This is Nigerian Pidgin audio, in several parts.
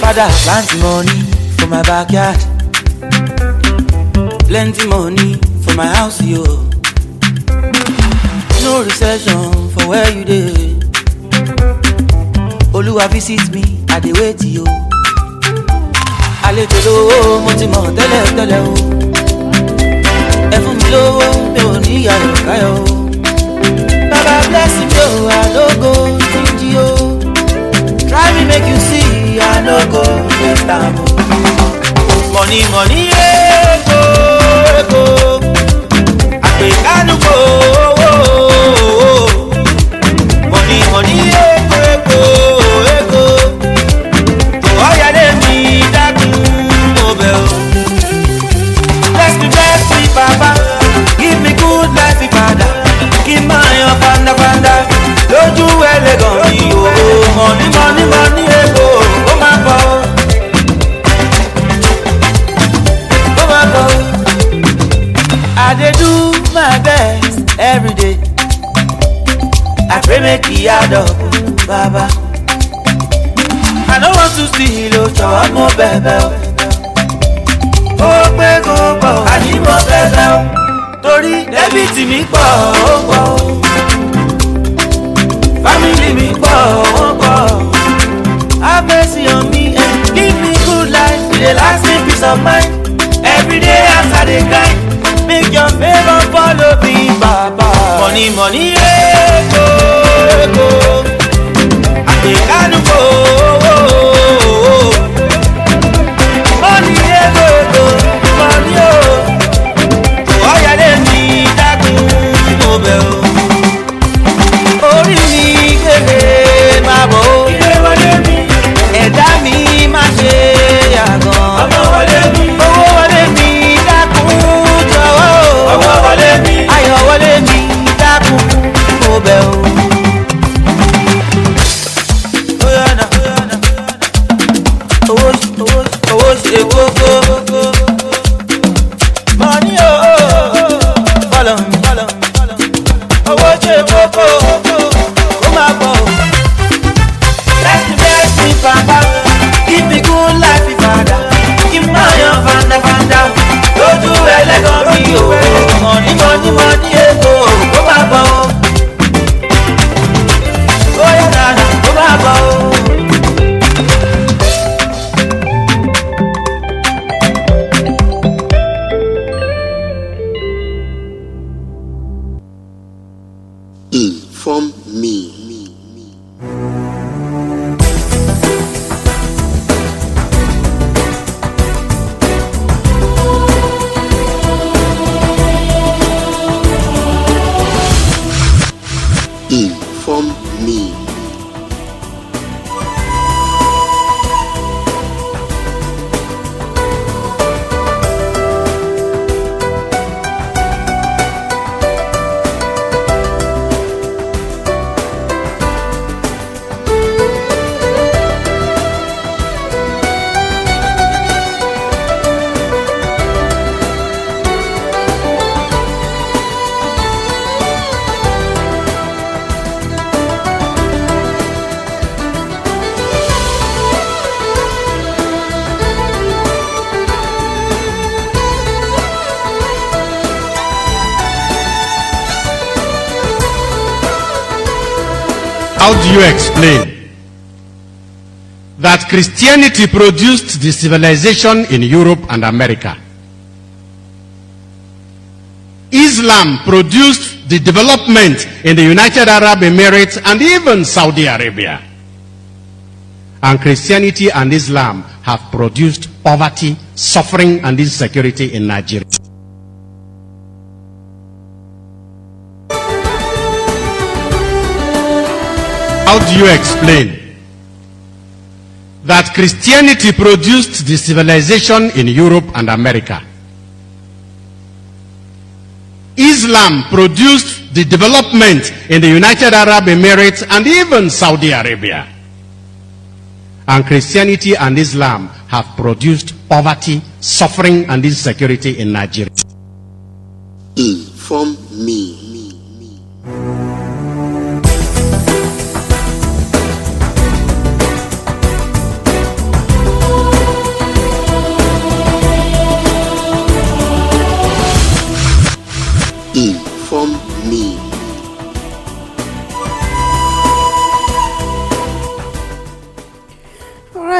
Father, plenty money for my backyard. Plenty money for my house, yo. No recession for where you dey. Oluwa visit me, I dey wait yo. Àlejò lówó mo ti mọ̀ tẹ́lẹ̀ tẹ́lẹ̀ o. Ẹ fún mi lówó mi ò ní ìyá ìkáyọ̀ o. I bless you, I don't go change you. Try me make you see, I don't go let am. Money, money, ego, ego. I pay, I no go. dé gan mi o mọ̀ní mọ̀ní mọ̀ní egbò eh, ó máa pọ̀ o. ó máa pọ̀ o. I dey do my best every day. I pray make e add up, Baba. I no want to see lo jọ̀wọ́ mo bẹ̀bẹ̀ o. ó pé kó pọ̀ àní mo bẹ̀bẹ̀ o. torí débìtì mi pọ̀ ó pọ̀ o family mi pọ̀ wọ́n pọ̀ have mercy on me and give me good life e dey last me peace of mind everyday as i dey grind make your favour follow me baba. money money eko eko àti kánú. How do you explain that Christianity produced the civilization in Europe and America? Islam produced the development in the United Arab Emirates and even Saudi Arabia. And Christianity and Islam have produced poverty, suffering, and insecurity in Nigeria. How do you explain that Christianity produced the civilization in Europe and America? Islam produced the development in the United Arab Emirates and even Saudi Arabia. And Christianity and Islam have produced poverty, suffering, and insecurity in Nigeria. Inform me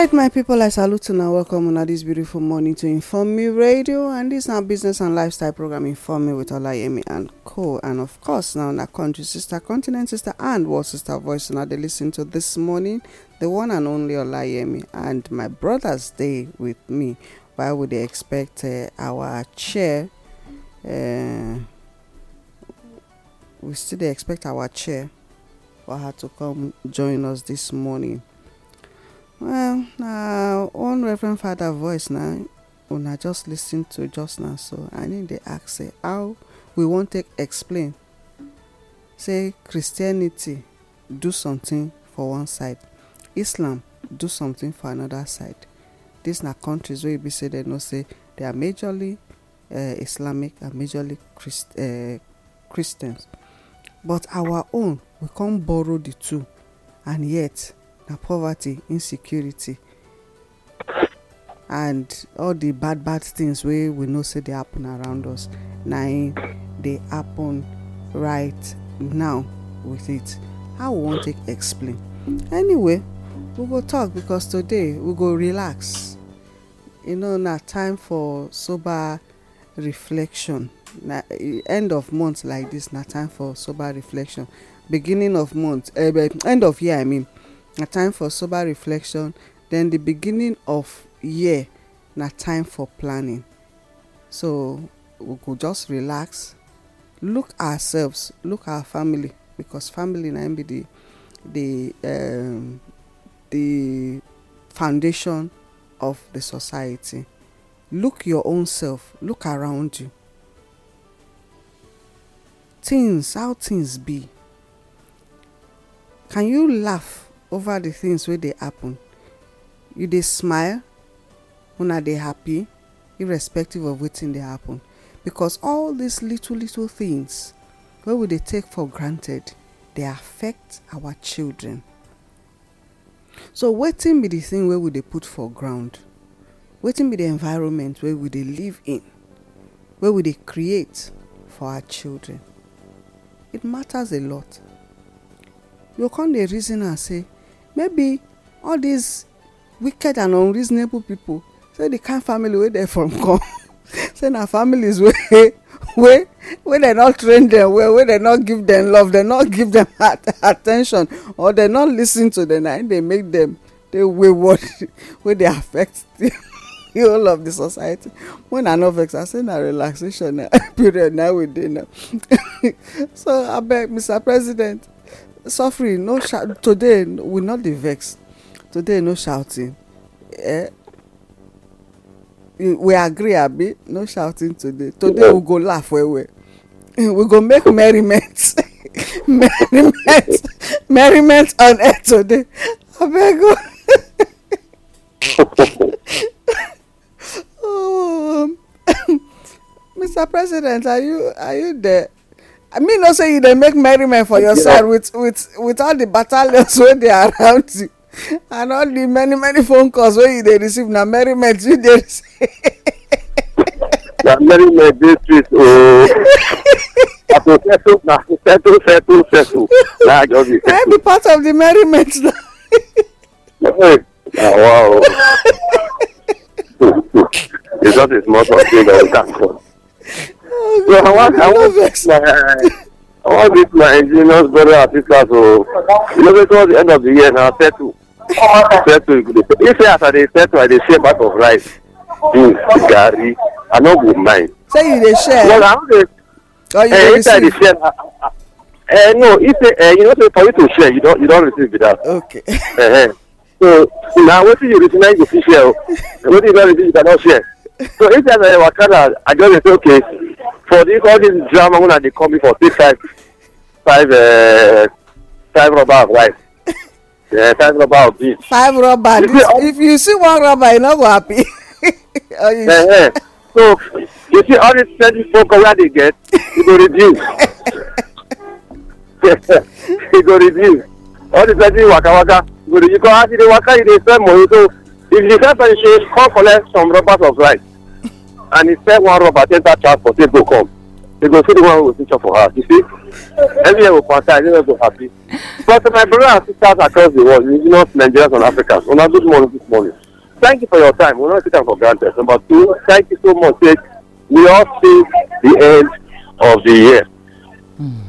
right my people i salute and welcome una this beautiful morning to inform me radio and this our business and lifestyle program inform me with olayemi and co and of course now our country sister continent sister and world sister voice Now they listen to this morning the one and only olayemi and my brothers stay with me Why would they expect uh, our chair uh, we still expect our chair for her to come join us this morning well na uh, one reverend father voice na una just lis ten to just now so and im dey ask say how we wan take explain say christianity do something for one side islam do something for another side these na countries wey e be say they know say they are majorly uh, islamic and majorly Christ, uh, christians but our own we come borrow the two and yet na poverty insecurity and all the bad bad things wey we know say dey happen around us na im dey happen right now with it how we wan take explain anyway we go talk because today we go relax you know na time for sober reflection na end of month like this na time for sober reflection beginning of month eh, end of year i mean na time for sober reflection then the beginning of year na time for planning so we go just relax look ourselves look our family because family na be the the um, the foundation of the society look your own self look around you things how things be can you laugh over the things wey dey happen you dey smile una dey happy irrespective of wetin dey happen because all these little little things wey we dey take for granted dey affect our children so wetin be the thing wey we dey put for ground wetin be the environment wey we dey live in wey we dey create for our children it matters a lot you go come dey reason am say maybe all these wicked and unreasonable people say the kind family wey dem from come say na families wey wey wey dem no train dem well wey dem no give dem love dem no give dem at ten tion or dem no lis ten to dem na im dey make dem dey wayward wey dey affect the whole of the society when i no vex i say na relaxation period na we dey now so abeg mr president suffering no shout today we no dey vex today no shouting eh we agree abi no shouting today today we go laugh well well we go make merriment merriment merriment on air today abeg o oh mr um, president are you are you there me know say you dey make merriment for your side with with with all the battalions wey dey around you and all the many many phone calls wey you dey receive na merriment you dey receive. na merriment dey sweet ooo na to settle na to settle settle settle na just be settle. na be part of the merriment na. na wow. it's just a small something that we thank for i want, i want my i wan beat my indigenous brother and sisters so. you know say towards the end of the year now settle settle you go dey if say as i dey settle i dey share part of rice beans garri i no go mind. say you dey share. well i no dey. or oh, you eh, dey receive. anytime i dey share na. Eh, no, if eh, you know, say for you to share, you don't you don't receive with that. Okay. Eh, huh eh. So now, what you receive, you see share. Oh. What you don't receive, you cannot share. So if there's a wakana, I just say okay for this all this drama una dey come me for take five five uh, five rubber of rice yeah, five rubber of beans. five rubber if, this, you, if you see one rubber you no go happy. oh, you uh, uh, so you see all this steady focus wey i dey get e go reduce e go reduce all the steady waka waka go reduce because as you dey waka you dey spend money so if you dey sell person come collect some rubbers of rice and he sell one rubber take that transport take go come they go see the one wey go fit chop for house you see everywhere go concern everywhere go happy but my brother and sisters across the world indigenous nigerians and africans una good morning good morning thank you for your time we no take am for granted number two thank you so much say we all see the end of the year hmm.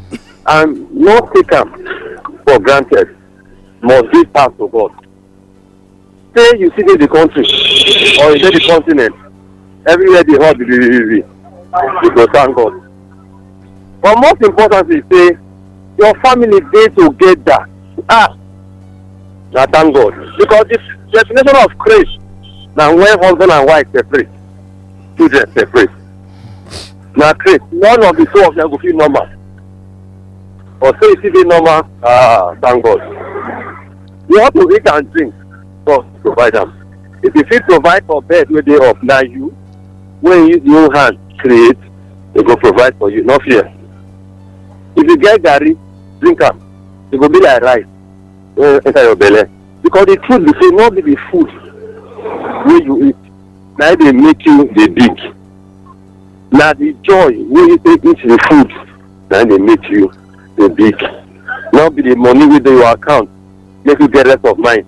and no take am for granted must give pass to god say you see the country or you dey the continent everywhere dey hot really you go thank god but most important, importantly say your family dey together ah na thank god because the definition of craze na when husband and wife separate children separate na craze none of the two of them go feel normal but say e still dey normal ah thank god you have to eat and drink god provide am if you fit provide for bed wey dey up na you when you your hand create they go provide for you no fear if you get garri drink am e go be like rice wey eh, enter your belle because the truth be say no be the food wey you eat na e dey make you dey big na the joy wey you take eat the food na e dey make you dey big no be the money wey dey your account make you get rest of mind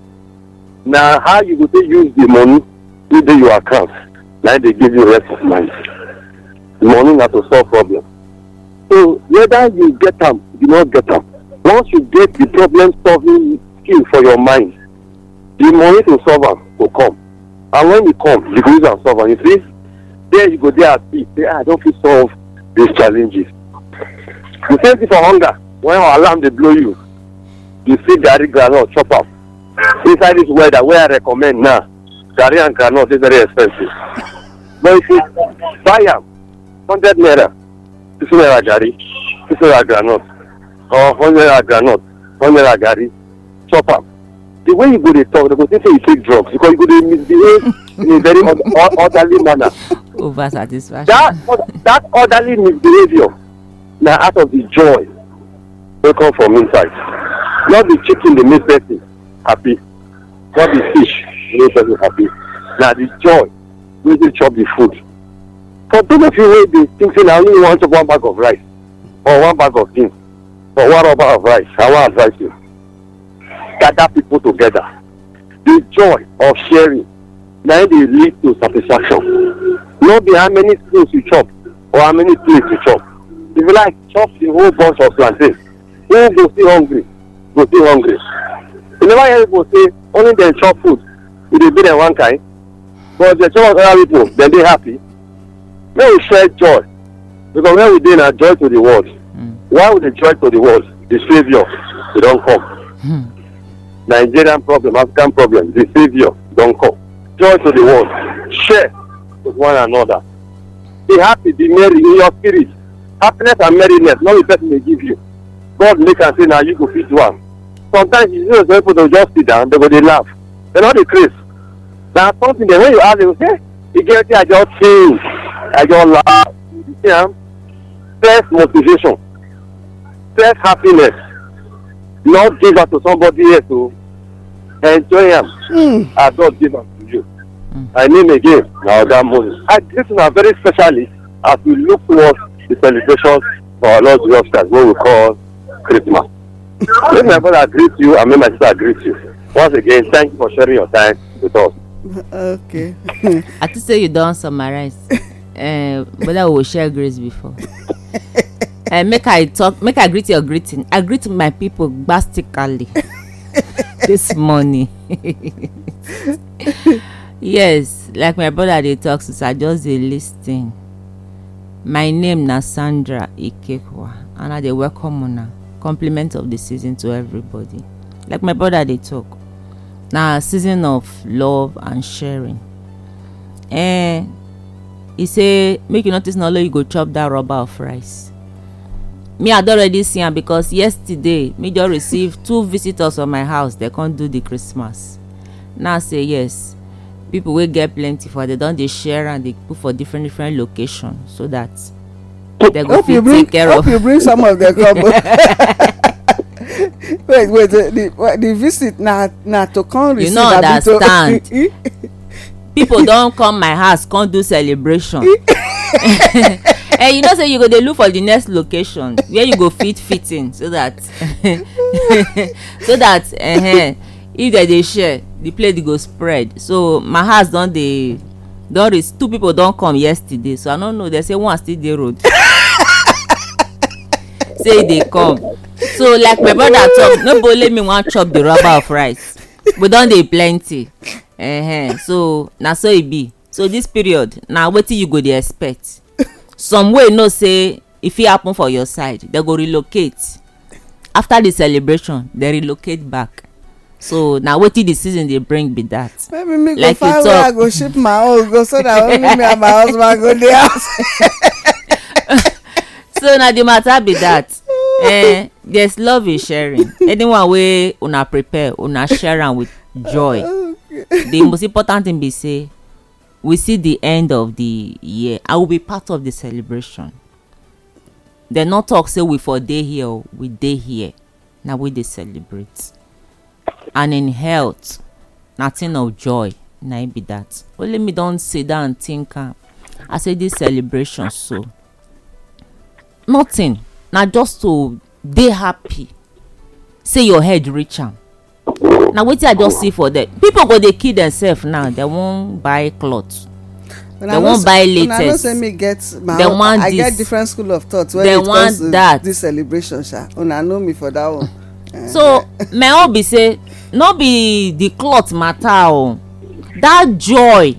na how you go take use the money wey dey your account now they give you rest of mind money na to solve problem so whether you get am you not get am once you get the problem solving skill for your mind the money to solve them will come and when it e comes, you go use am solve am you see there you go there at peace say ah, i don't feel solve these challenges You same thing for hunger when our alarm they blow you you see garri groundnut chop up. inside this weather where i recommend now garri and groundnut is very expensive But bọ́ìsì báyà hundred naira fifty naira gàrí fifty naira groundnut or hundred naira groundnut hundred naira gàrí chop am the way you go dey talk they go think say you take drugs because you go dey misbehave in a very orderly manner. over satisfaction. that that orderly misbehaviour na out of the joy wey come from inside not the chicken dey make person happy not the fish dey make person happy na the joy wey dey chop the food for those of you wey dey think say na only you chop one bag of rice or one bag of beans or one rubber of rice i wan advise you gather people together the joy of sharing na it dey lead to satisfaction no be how many spoons you chop or how many plates you chop if you like chop the whole bunch of plantain who go still hungry go still hungry you never hear people say only dem chop food e dey be dem one kind But the some of other people, then they happy. May we share joy. Because when we dey na joy to the world. Mm. Why we dey joy to the world? The saviour e don come. Mm. Nigerian problem, African problem, the saviour don come. Joy to the world. Share with one another. Be happy, be merry in your spirit. Happiness and merriness, no be person dey give you. God make am say na you go fit do am. Sometimes you know some people dey just sit down, they go dey laugh. They no dey craze na something dey when you ask them say e get wetin i just think i just laugh you see am self motivation self happiness not give am to somebody else o oh. enjoy am mm. as God give am to you mm. i name again na oga moses i this na very specially as we look towards the celebration for our lord jesus christ wey we call christmas make my brother greet you and make my sister greet you once again thank you for sharing your time with us. okay. I think say you don summarize. Uh, but I will share grace before. Uh, make I talk, make I greet your greeting. I greet my people bastically this morning. yes, like my brother dey talk since I just dey lis ten. My name na Sandra Ikekwa and I dey welcome una compliment of the season to everybody. Like my brother dey talk na season of love and sharing eh e say make you notice na only you go chop dat rubber of rice me i don already see am because yesterday me just receive two visitors for my house dem come do the christmas now say yes people wey get plenty for dem don dey share am dey put for different different location so that dem go fit take care of. hope you bring some of dem come. wait wait the the visit na na to come receive abi you no understand people don come my house come do celebration and eh, you know say you go dey look for the next location where you go fit fit in so that so that uh -huh, if they dey share the plate go spread so my house don dey don reach two people don come yesterday so i no know They say one still dey road say they come so like my brother talk no be only me wan chop the rubber of rice we don dey plenty uh-huh. so na so e be so this period na wetin you go dey expect some wey know say e fit happen for your side they go relocate after the celebration they relocate back so na wetin the season dey bring be that. maybe me go like find where i go ship my own go so that only me and my husband go dey house. so na the matter be that eh, there's love in sharing anyone wey una prepare una share am with joy the most important thing be say we see the end of the year i will be part of the celebration dem no talk say we for dey here o we dey here na we dey celebrate and in health na thing of joy na im be that only me don sit down think am i say this celebration so nothing na just to dey happy say your head reach am na wetin i just see for there people go dey kill themselves now dem wan buy cloth dem wan buy latest una know say me get my own i get different school of thought when it that. this celebration sha una oh, know me for that one. so my own be say no be the cloth matter o oh. that joy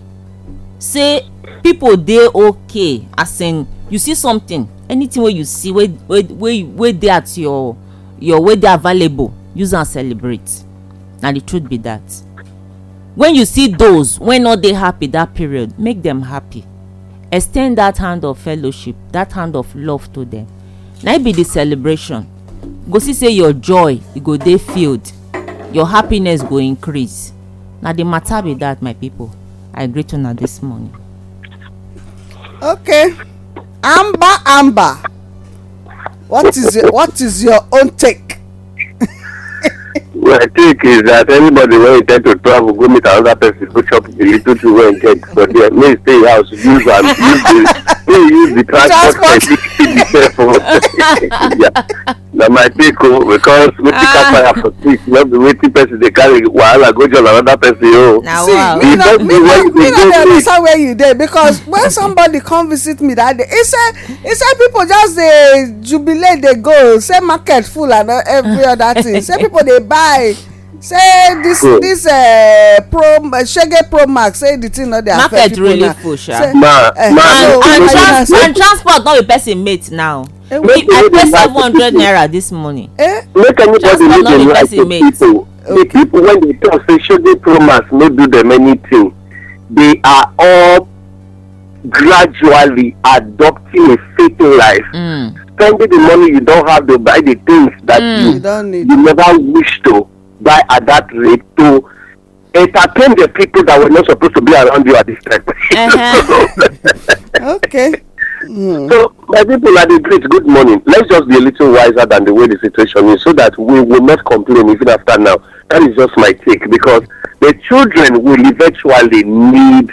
say people dey okay as in you see something anything wey you see wey wey wey dey at your your wey dey available use am celebrate na the truth be that when you see those wey no dey happy that period make them happy ex ten d that hand of fellowship that hand of love to them na be the celebration you go see say your joy e go dey filled your happiness go increase na the matter be that my people i greet una this morning. okay. Amber, Amber, what is your, what is your own take? my take is that anybody wey intend to travel go meet another person go chop the little thing wey get but there may stay house use am use the use the transport person be careful yeah na my take o oh, because wetin catch fire for street no be wetin person dey carry wahala go join another person o. Oh. na wow see the best way you dey go dey. me no dey understand where you dey because when somebody come visit me that day he say he say people just dey jubilate dey go say market full and every other thing say people dey buy say this cool. this uh, pro uh, shege pro max say the thing no dey affect people now market really full sha. ma eh, ma and, and, and, and transport no be person mate now. Eh, make i pay seven hundred naira this morning eh? make anybody no dey lie to people the people when they talk say shege promise no do them anything they are all gradually adopting a fake life mm. spending the money you don't have to buy the things that mm. you, you, don't need. you never wish to buy at that rate to entertain the people that were not supposed to be around you at this time. Uh-huh. okay. Mm. So, my people are the great. Good morning. Let's just be a little wiser than the way the situation is so that we will not complain even after now. That is just my take because the children will eventually need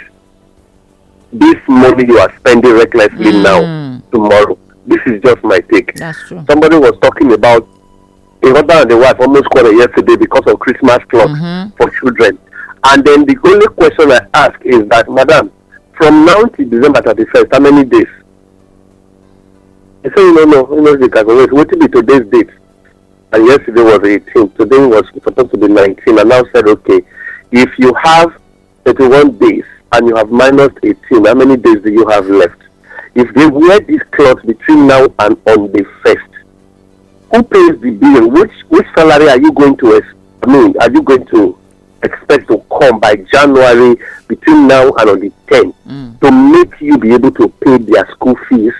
this money you are spending recklessly mm. now, tomorrow. This is just my take. That's true. Somebody was talking about a mother and a wife almost quarreled yesterday because of Christmas clock mm-hmm. for children. And then the only question I ask is that, Madam, from now to December 31st, how many days? I say, no, no, you know, the calculation. What be today's date? And yesterday was 18. Today was supposed to be 19. And now said, okay, if you have 31 days and you have minus 18, how many days do you have left? If they wear this cloth between now and on the first, who pays the bill? Which which salary are you going to? I mean, are you going to expect to come by January between now and on the 10 mm. to make you be able to pay their school fees?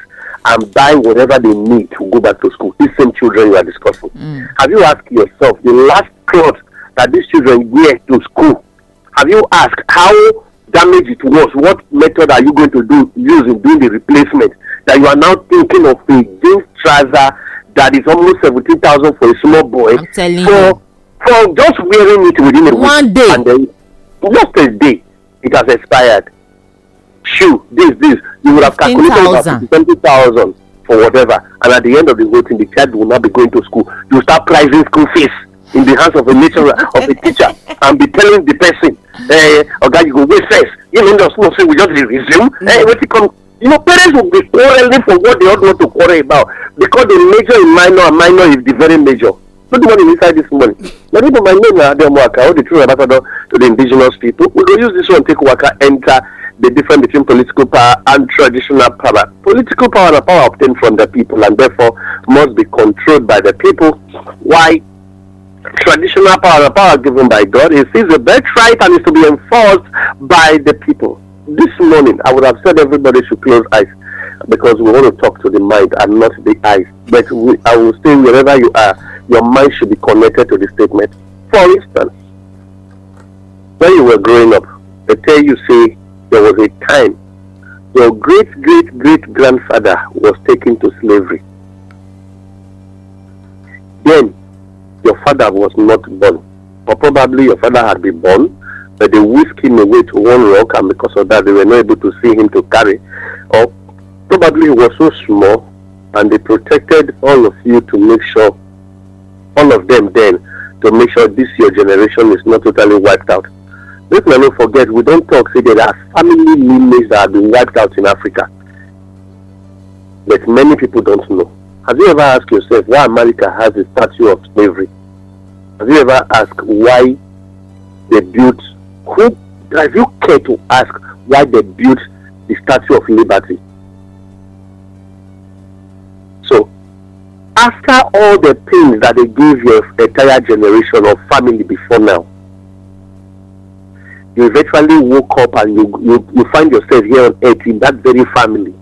and buy whatever they need to go back to school. These same children you are discussing. Mm. Have you asked yourself the last cloth that these children wear to school? Have you asked how damaged it was? What method are you going to do use in doing the replacement? That you are now thinking of a jeans trouser that is almost seventeen thousand for a small boy. I'm telling for, you. For just wearing it within a One week. One day. And then just a day, it has expired shoe, this, this, you would have calculated 20,000 for whatever. And at the end of the whole thing, the child will not be going to school. You start pricing school fees in the hands of a lecturer, of a teacher, and be telling the person, eh, uh, okay, you go wait first. Even know, just not say we just resume. Mm-hmm. Eh, what you come. You know, parents will be quarreling for what they ought not to quarrel about because the major is minor and minor is the very major. Put money inside this money. Now, people might know now, them work out the true ambassador to the indigenous people. We go use this one, take worker, enter the difference between political power and traditional power. Political power and power obtained from the people and therefore must be controlled by the people. Why? Traditional power and power given by God is his birthright and is to be enforced by the people. This morning, I would have said everybody should close eyes because we want to talk to the mind and not the eyes. But we, I will say, wherever you are, your mind should be connected to the statement. For instance, when you were growing up, they tell you, see there was a time your great great great grandfather was taken to slavery. Then your father was not born, or probably your father had been born, but they whisked him away to one rock, and because of that, they were not able to see him to carry. Or probably he was so small, and they protected all of you to make sure, all of them then, to make sure this your generation is not totally wiped out. make una no forget we don talk say there are family lineage that have been wiped out in africa but many people don't know have you ever asked yourself why america has a statue of slavery have you ever asked why they built who have you care to ask why they built the statue of liberty so after all the pains that they gave your entire generation of family before now you eventually woke up and you, you, you find yourself here on earth in that very family.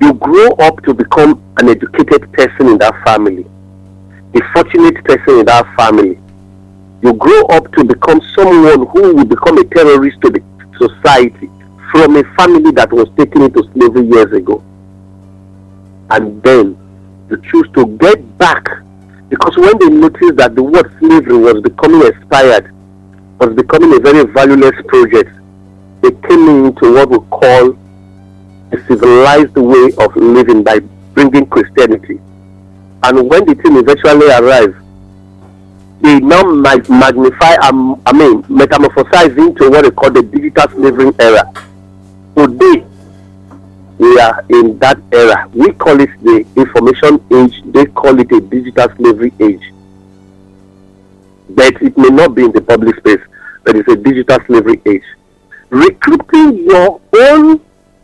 You grow up to become an educated person in that family, the fortunate person in that family. You grow up to become someone who will become a terrorist to the society from a family that was taken into slavery years ago. And then you choose to get back because when they noticed that the word slavery was becoming expired, was becoming a very valueless project. They came into what we call a civilized way of living by bringing Christianity. And when the team eventually arrived, they now magnify, um, I mean, metamorphosize into what they call the digital slavery era. Today, we are in that era. We call it the information age, they call it a digital slavery age. but it may not be in the public space. But it's a digital slavery age. Recruiting your own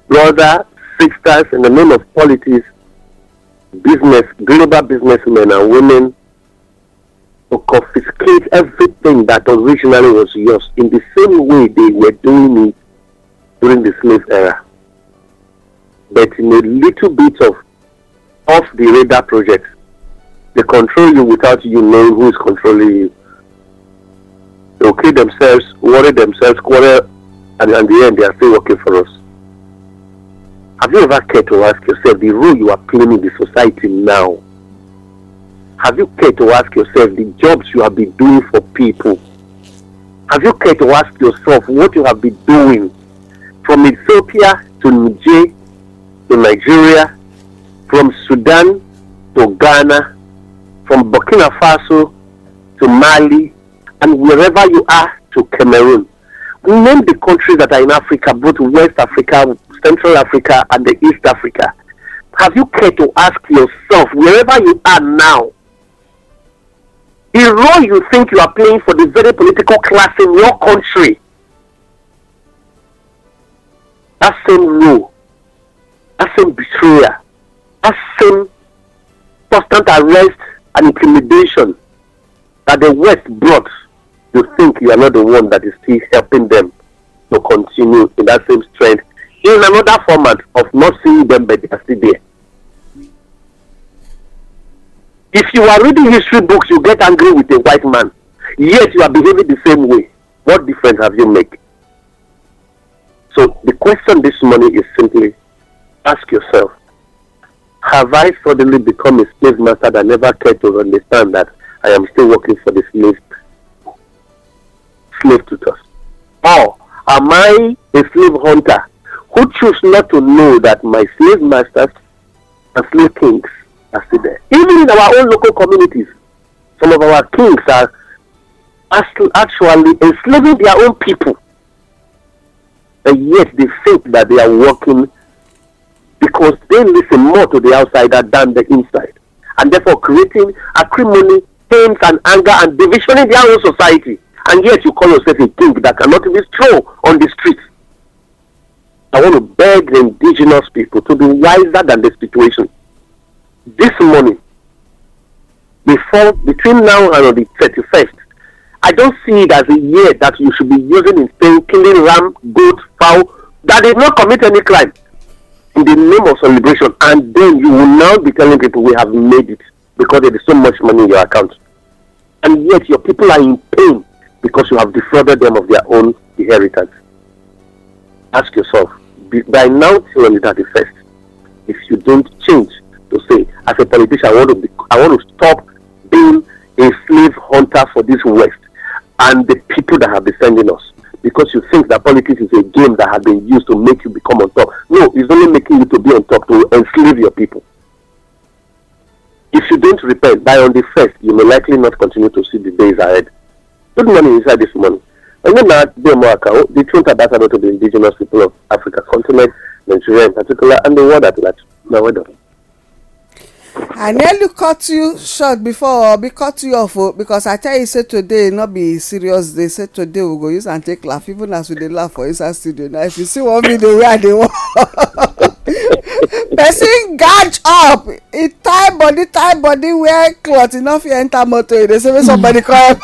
brother, sisters in the name of politics, business, global businessmen and women to confiscate everything that originally was yours in the same way they were doing it during the slave era. But in a little bit of off the radar projects, they control you without you knowing who is controlling you. They will kill themselves, worry themselves, quarrel, and in the end, they are still working for us. Have you ever cared to ask yourself the role you are playing in the society now? Have you cared to ask yourself the jobs you have been doing for people? Have you cared to ask yourself what you have been doing from Ethiopia to Niger to Nigeria, from Sudan to Ghana, from Burkina Faso to Mali and wherever you are to Cameroon. Name the countries that are in Africa, both West Africa, Central Africa, and the East Africa. Have you cared to ask yourself, wherever you are now, the role you think you are playing for the very political class in your country? That same rule, that same betrayal, that same constant arrest and intimidation that the West brought you think you are not the one that is still helping them to continue in that same strength in another format of not seeing them, but they are still there. If you are reading history books, you get angry with a white man, yet you are behaving the same way. What difference have you made? So the question this morning is simply ask yourself, have I suddenly become a slave master that never cared to understand that I am still working for the slave slave tutors? Or am I a slave hunter who choose not to know that my slave masters and slave kings are still there? Even in our own local communities, some of our kings are actually enslaving their own people. And yet they think that they are working because they listen more to the outsider than the inside. And therefore creating acrimony, pains and anger and division in their own society. and yet you call yourself a king that cannot even throw on the street. I want to beg the indigenous people to be wiser than the situation. This morning, before between now and the thirty-first, I don't see it as a year that you should be using in saying killing ram, goat, fowl that did not commit any crime in the name of celebration, and then you will now be telling people we have made it because there is so much money in your account, and yet your people are in pain because you have defrauded them of their own inheritance. Ask yourself, by now till the 31st, if you don't change to say, as a politician, I want to, be, I want to stop being a slave hunter for this West and the people that have sending us. Because you think that politics is a game that has been used to make you become on top. No, it's only making you to be on top to enslave your people. If you don't repent by on the first, you may likely not continue to see the days ahead. Good money inside this money. And then at Demoakao, the truth ambassador to the indigenous people of Africa continent, Nigeria in particular, and the world at large. Now, well done. I nearly cut you short before be cut you off oh, because I tell you say today not be serious They say today we go use and take laugh even as we dey laugh for inside studio now if you see one video wey I dey watch. person gouge up e tie body tie body wear cloth e no fit enter motor e dey say make somebody come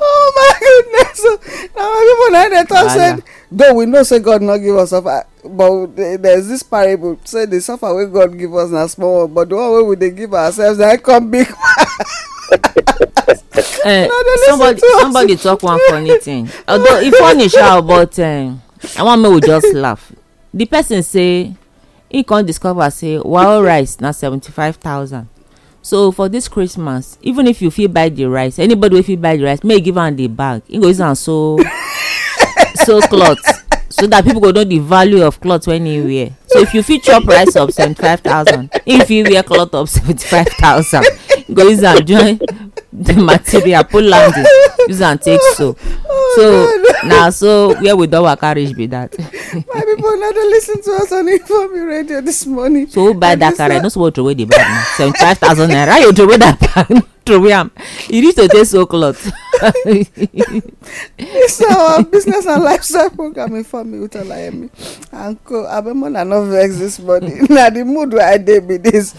oh my goodness na my people na dey talk say though we know say god no give us suffer but there is this parable say the suffer wey god give us na small one but the one wey we dey give ourselves na come big one. uh, somebody somebody talk one funny thing although e funny sha but um, uh, one man will just laugh the person say he can't discover say wow rice now seventy-five thousand so for this christmas even if you feel buy the rice anybody wey fit buy the rice may give am the bag he goes and am sew cloth so that people go know the value of cloth when he wear so if you fit chop rice of seventy-five thousand he fit wear cloth of seventy-five thousand go use am join the material pull land the use am take so. oh, so na so where we don waka reach be that. my people na dey lis ten to us on informe radio this morning. so who buy that car i no suppose throway the bag na seventy-five thousand naira you throway that bag throway am you need to take so cloth. this our uh, business and lifestyle program inform me with olayemi and co abemola no vex this morning na the mood wey i dey be this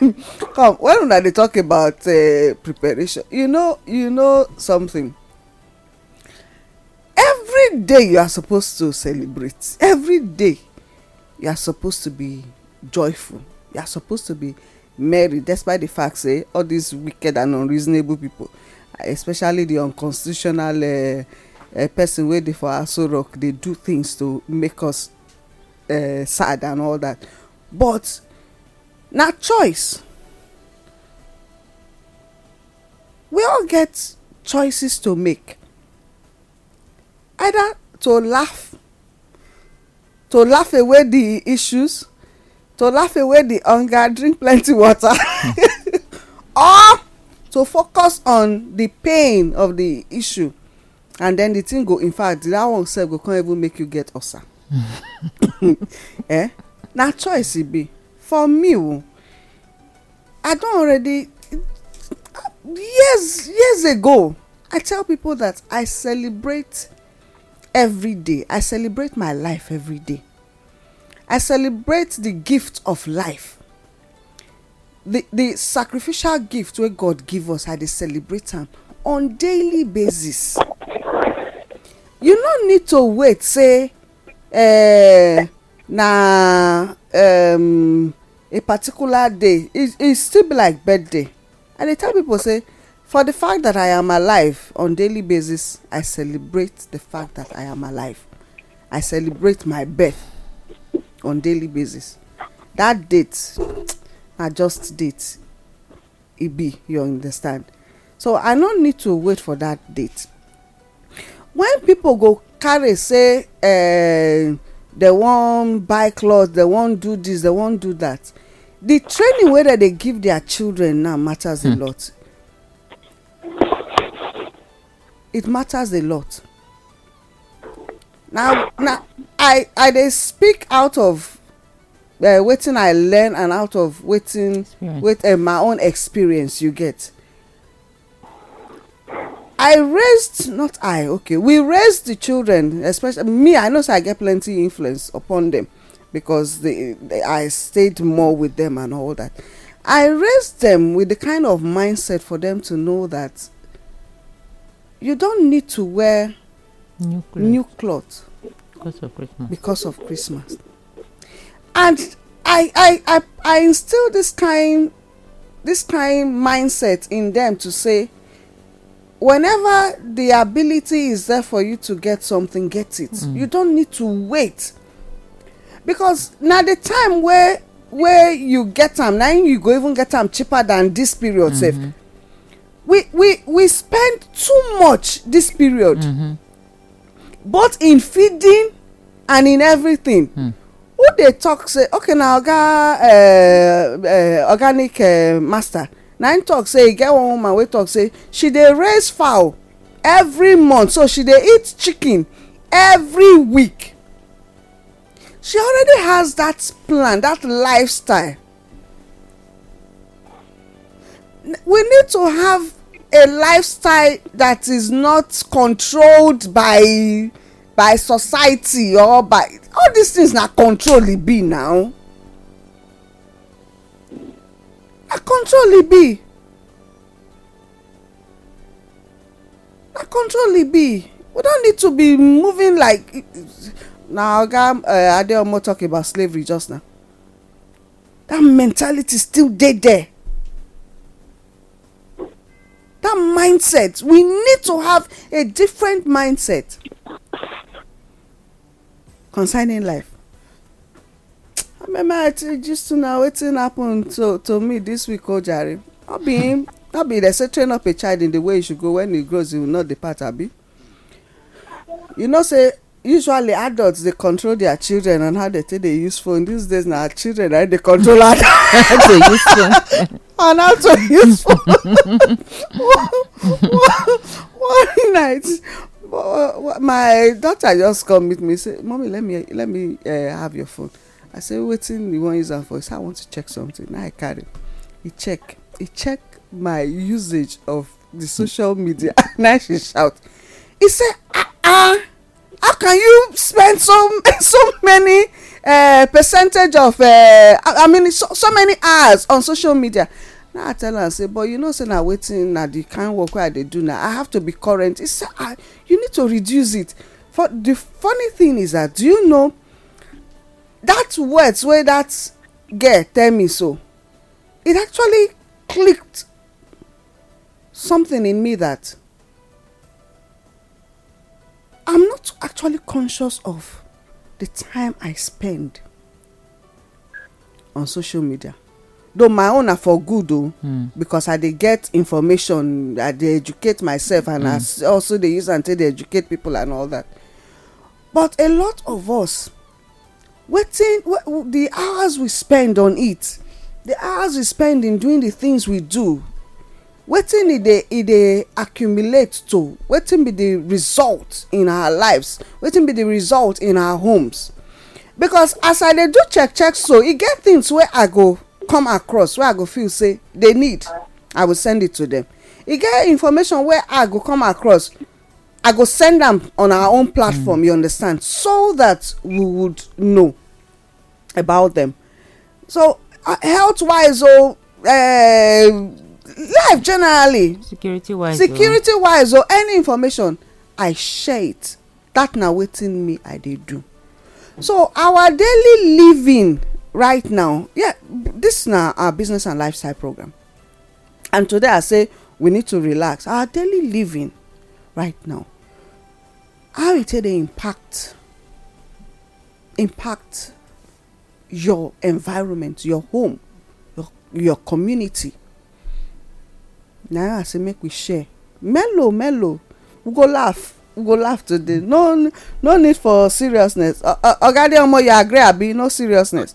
come when una dey talk about uh, preparation you know you know something every day you are supposed to celebrate every day you are supposed to be joyful you are supposed to be mary despite the fact say all these wicked and unreasonable people especially the unconstitutional uh, uh, person wey dey for aso rock dey do things to make us uh, sad and all that but na choice we all get choices to make either to laugh to laugh away the issues to laugh away the hunger drink plenty water or to focus on the pain of the issue and then the thing go in fact that one sef go come even make you get ulcer eh na choice e be for me o i don already years years ago i tell people that i celebrate every day i celebrate my life every day I celebrate the gift of life. The, the sacrificial gift wey God give us, I dey celebrate am on daily basis. You no need to wait say uh, na um, a particular day. It, e, it e still be like birthday. I dey tell people say for the fact that I am alive on daily basis, I celebrate the fact that I am alive. I celebrate my birth on daily basis that date na just date e be you understand so i no need to wait for that date when people go carry say uh, eh, dem wan buy cloth they wan do this they wan do that the training wey they dey give their children now matters mm. a hmm. lot it matters a lot now now i i dey speak out of eh, wetin i learn and out of wetin eh, my own experience you get i raised not i okay we raised the children especially me i know say i get plenty influence upon them because they, they, i stayed more with them and all that i raised them with the kind of mindset for them to know that you don't need to wear new cloth new clothes because of Christmas. Because of Christmas. And I, I, I, I instill this kind, this kind mindset in them to say, whenever the ability is there for you to get something, get it. Mm. You don't need to wait, because now the time where where you get them, now you go even get them cheaper than this period. Mm -hmm. Safe. Mm-hmm. We we we spend too much this period. Mm -hmm both in feeding and in everything hmm. who dey talk say okay na oga uh, uh, organic uh, master na him talk say e get one woman wey talk say she dey raise fowl every month so she dey eat chicken every week she already has that plan that lifestyle we need to have a lifestyle that is not controlled by by society or by all these things na control e be now na control e be na control e be we don need to be moving like na oga uh, adeomo talk about slavery just now that mentality still dey there that mindset we need to have a different mindset concerning life i remember i tell just now wetin happen to to me this week o oh, jare no be no be dey say train up a child in the way he should go when he grows he will not depart abi you know say usually adults dey control their children and how they take dey use phone these days na children na dey control adults. and also useful one night my daughter just come meet me say mummy let me let me uh, have your phone i say wetin you wan use am for he say i want to check something na i carry he check he check my usage of the social media na she shout he say ah ah how can you spend so so many uh, percentage of uh, i mean so, so many hours on social media now i tell am say but you know say na wetin na the kind work wey i dey do na i have to be current he say ah you need to reduce it for the funny thing is that do you know that words wey that girl tell me so it actually clicked something in me that i'm not actually conscious of the time i spend on social media though my own are for good o hmm. because i dey get information i dey educate myself and i hmm. also dey use am take dey educate people and all that but a lot of us wetin the hours we spend on it the hours we spend in doing the things we do wetin e dey accumulate to wetin be the result in our lives wetin be the result in our homes because as i dey do check check so e get things wey i go come across wey i go feel say they need i will send it to them e get information wey i go come across i go send am on our own platform mm. you understand so that we would know about them so uh, health wise o oh, uh, life generally security wise security oh. wise o oh, any information i share it that na wetin me i dey do so our daily living right now yeah this now our business and lifestyle program and today i say we need to relax our daily living right now how it take impact impact your environment your home your your community Now i say make we share mellow mellow we go laugh we go laugh today no no need for seriousness oga adeomo you agree be no seriousness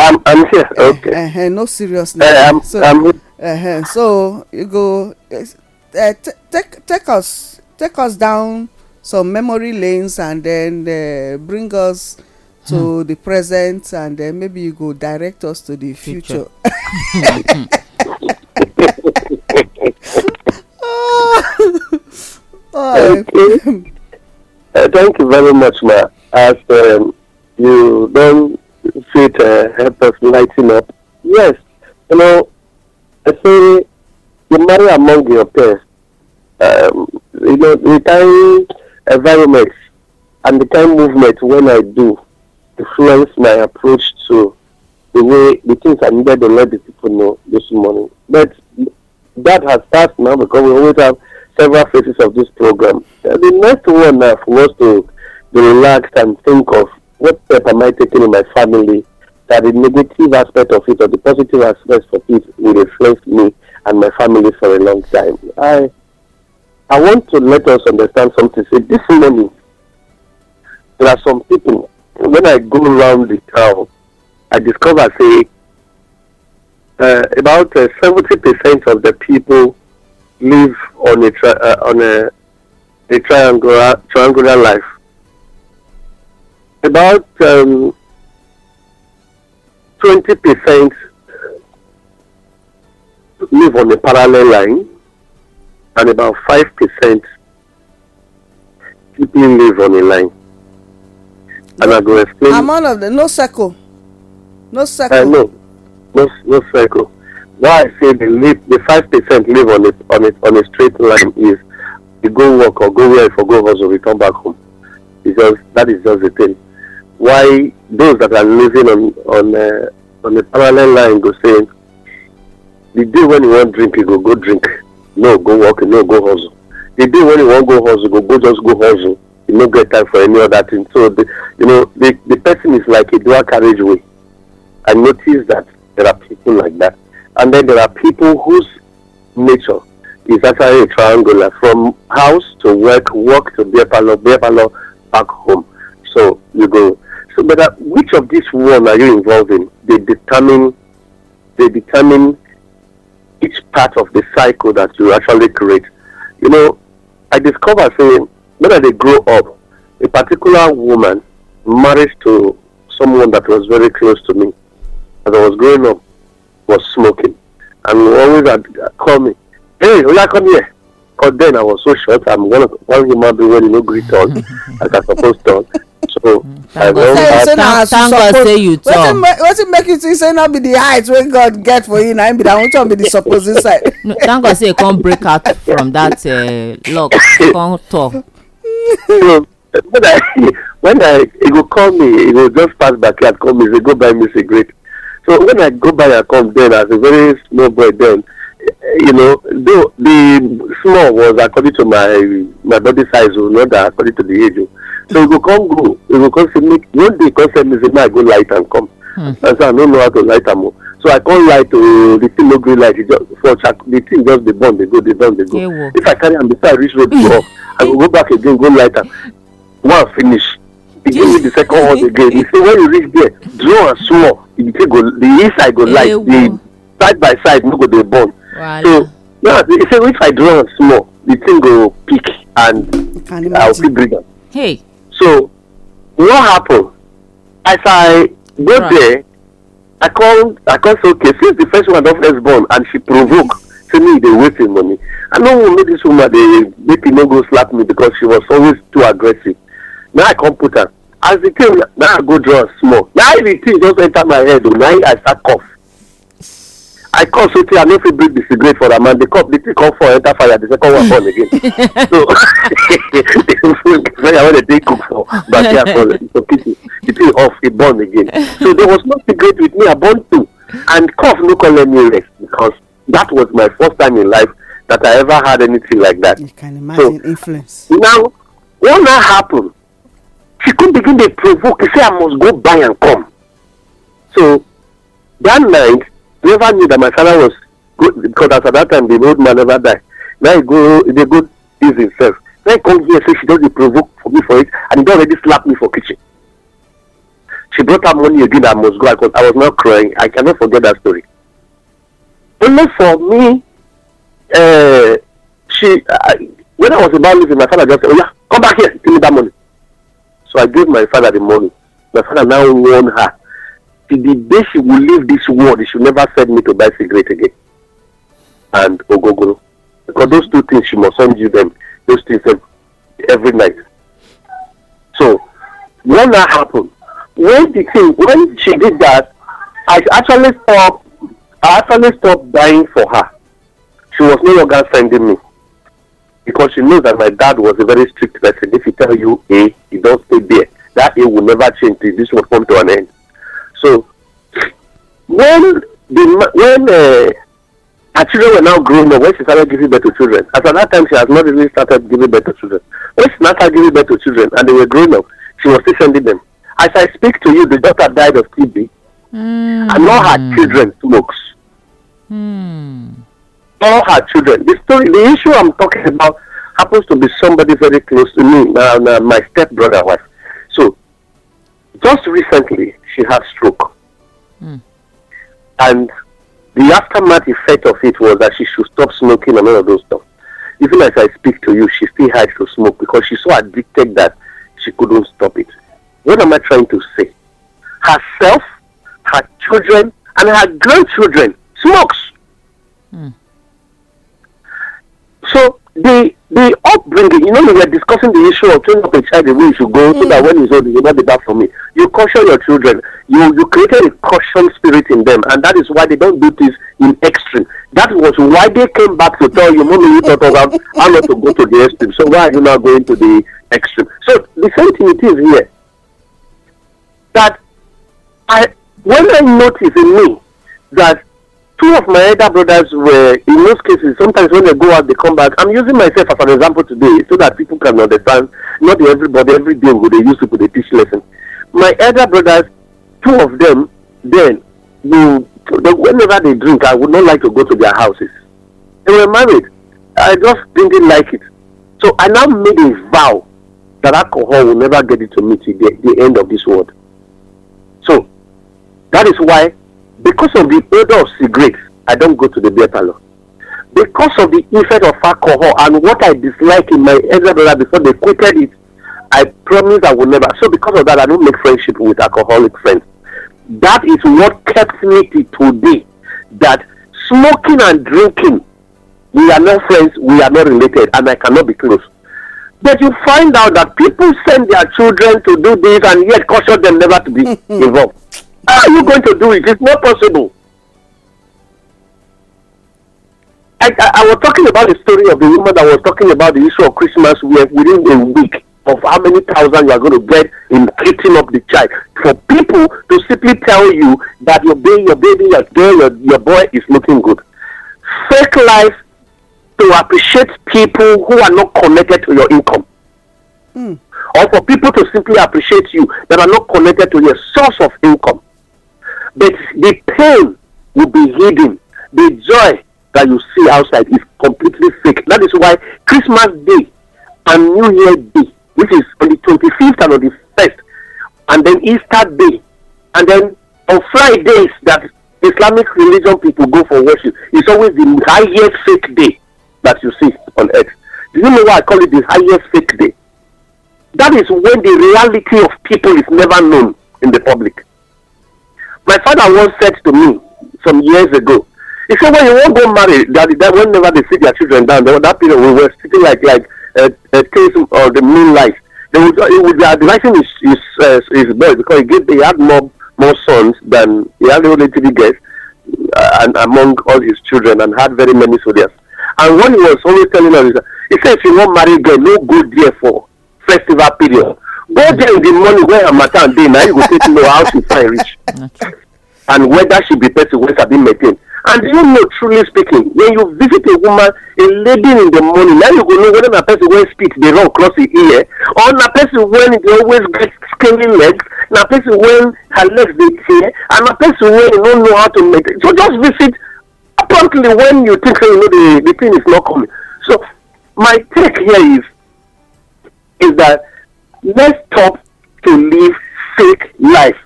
I'm, I'm here. Eh, okay. Uh, uh, no seriousness. Uh, I'm, so, I'm uh, so you go. Uh, take take us take us down some memory lanes and then uh, bring us to hmm. the present and then maybe you go direct us to the future. oh, uh, thank you very much, ma. As um, you don't faith uh, help us lighten up. Yes, you know, I say you marry among your peers. Um, you know, the time environment and the time movement when I do influence my approach to the way the things I needed to let the people know this morning. But that has passed now because we always have several phases of this program. Uh, the next one now for us to, to relax and think of what step am I taking in my family that the negative aspect of it or the positive aspect of it will influence me and my family for a long time. I I want to let us understand something. Say this morning, there are some people. When I go around the town, I discover say uh, about uh, seventy uh, percent of the people live on a tri- uh, on a, a triangular triangular life. about um, 20% live on a parallel line and about 5% people live on a line. And I go explain. Among of the no circle. No circle. I uh, know. No, no circle. Why I say the live, the 5% live on a, on, a, on a straight line is you go work or go where for go hustle, return back home. Because that is just the thing why those that are living on on uh, on a parallel line go say the day when you wan drink you go go drink no go work no go hustle the day when you wan go hustle go go just go hustle you no get time for any other thing so the you know the the person is like a dual carriage way. i notice that there are people like that and then there are people whose nature is actually a triangular from house to work work to beer parlor beer parlor back home so you go So, but uh, which of these one are you involved in? They determine, they determine each part of the cycle that you actually create. You know, I discovered saying when they grow up, a particular woman married to someone that was very close to me as I was growing up was smoking and always had uh, call me, Hey, will I come here? Because then I was so short, I'm one of one human being when you know greet us like I supposed to so mm, i go thank god say you talk wetin make you think say no be the height wey god get for you na him be that which one be the suppose inside. thank god say you come break out from that uh, lock come talk. when i when i he go call me he go just pass backyard call me say go buy me cigarette so when i go buy am come then as a very small boy then eh, you know, though the small was according to my my body size, was not according to the age. Oh so we go come go we go come say make One day, come send me say make i go light am come mm. and so i no know how to light am o so i come light o the thing no gree light e just for chak the thing just dey burn dey go dey burn dey go Ewo. if i carry am before i reach road go off i go go back again go light am one finish e give me the second one again e say when you reach there draw am small the thing go the inside go light the side by side no go dey burn so now e say if i draw am small the thing go peak and i go fit bring am. Hey. So what happened? As I go right. there, I called I called okay, since the first one of us born and she provoke say me dey wasting money. I know wan make dis woman they make no go slap me because she was always too aggressive. Now I come put her. As the thing now I go draw small. Now the thing just enter my head oh, Now I start cough. I come so tey I no fit break the cigarette for am and the cup the tea come fall enter fire the second one fall again. so the food fire wey dem dey cook for back there for for kitchen the tea off e burn again. So there was no cigarette with me I burn two and cough no call any rest because that was my first time in life that I ever had anything like that. You can imagine so, influence. Now when that happen? She come begin dey provoke say I must go buy and come. So that night never knew that my father was good because as at that time the old man never die now he go he dey go use himself then he come here say she don dey provoke for me for it and he don already slap me for kitchen she brought her money again i must go i was i was not crying i cannot forget that story only for me uh, she I, when i was about leaving my father just say oya oh, come back here give me that money so i gave my father the money my father now warn her till the day she will leave this world, she will never send me to buy cigarette again. And ogogoro. Because those two things, she must send you them, those things every night. So, when that happened, when the thing, when she did that, I actually stopped, I actually stopped dying for her. She was no longer sending me. Because she knows that my dad was a very strict person. If he tell you A, he don't stay there. That A will never change till this will come to an end. So when the when uh, her children were now grown up, when she started giving birth to children, as at that time she has not really started giving birth to children. When she started giving birth to children and they were grown up, she was still sending them. As I speak to you, the daughter died of TB, mm. and all her children smokes. Mm. All her children. The story, the issue I'm talking about happens to be somebody very close to me, uh, my stepbrother was. So, just recently, she had stroke. Mm. And the aftermath effect of it was that she should stop smoking and all of those stuff. Even as I speak to you, she still had to smoke because she's so addicted that she couldn't stop it. What am I trying to say? Herself, her children, and her grandchildren smokes. Mm. So the the upbringing, you know, we were discussing the issue of training up a child the way you should go mm. so that mm. when he's old, he will not be bad for me. You caution your children. You you created a caution spirit in them, and that is why they don't do this in extreme. That was why they came back to tell you, Mommy, you thought about how not to go to the extreme. So why are you not going to the extreme? So the same thing it is here. That I when I notice in me that two of my elder brothers were in most cases sometimes when they go out they come back i'm using myself as an example today so that people can understand not everybody every day we dey use people dey teach lesson my elder brothers two of them then they, they whenever they drink i would not like to go to their houses they were married i just didn't like it so i now made a vow that alcohol will never get into me to the, the end of this world so that is why Because of the odor of cigarettes, I don't go to the beer parlor. Because of the effect of alcohol and what I dislike in my elder brother before they quitted it, I promise I will never. So because of that, I don't make friendship with alcoholic friends. That is what kept me to today. That smoking and drinking, we are not friends, we are not related, and I cannot be close. But you find out that people send their children to do this and yet caution them never to be involved. How are you going to do it? It's not possible. I, I, I was talking about the story of the woman that was talking about the issue of Christmas where within a week of how many thousand you are going to get in treating up the child. For people to simply tell you that your baby, your baby, your girl, your, your boy is looking good. Fake life to appreciate people who are not connected to your income. Mm. Or for people to simply appreciate you that are not connected to your source of income. But the pain will be hidden. The joy that you see outside is completely fake. That is why Christmas Day and New Year Day, which is on the 25th and on the 1st, and then Easter Day, and then on Fridays that Islamic religion people go for worship, it's always the highest fake day that you see on earth. Do you know why I call it the highest fake day? That is when the reality of people is never known in the public. My father once said to me some years ago, he said, when you won't go marry, that, that whenever they sit their children down, they, that period we were sitting like like a, a case of the moonlight. They would, it would be advising his his, uh, his boy because he, gave, he had more more sons than he had only three girls, uh, and among all his children, and had very many soldiers. And what he was always telling us, he said, if you won't marry girl, no go there for festival period go there in the morning when harmattan dey na you go take know how to find reach and whether she be person wey sabi maintain and you know truly speaking when you visit a woman a lady in the morning na you go know whether na person wey spit dey run cross e ear or na person wey dey always get scaly legs na person wey her legs dey tear and na person wey no know how to maintain so just visit promptly when you think say you know the the thing is not coming so my take here is is that let's stop to live fake life.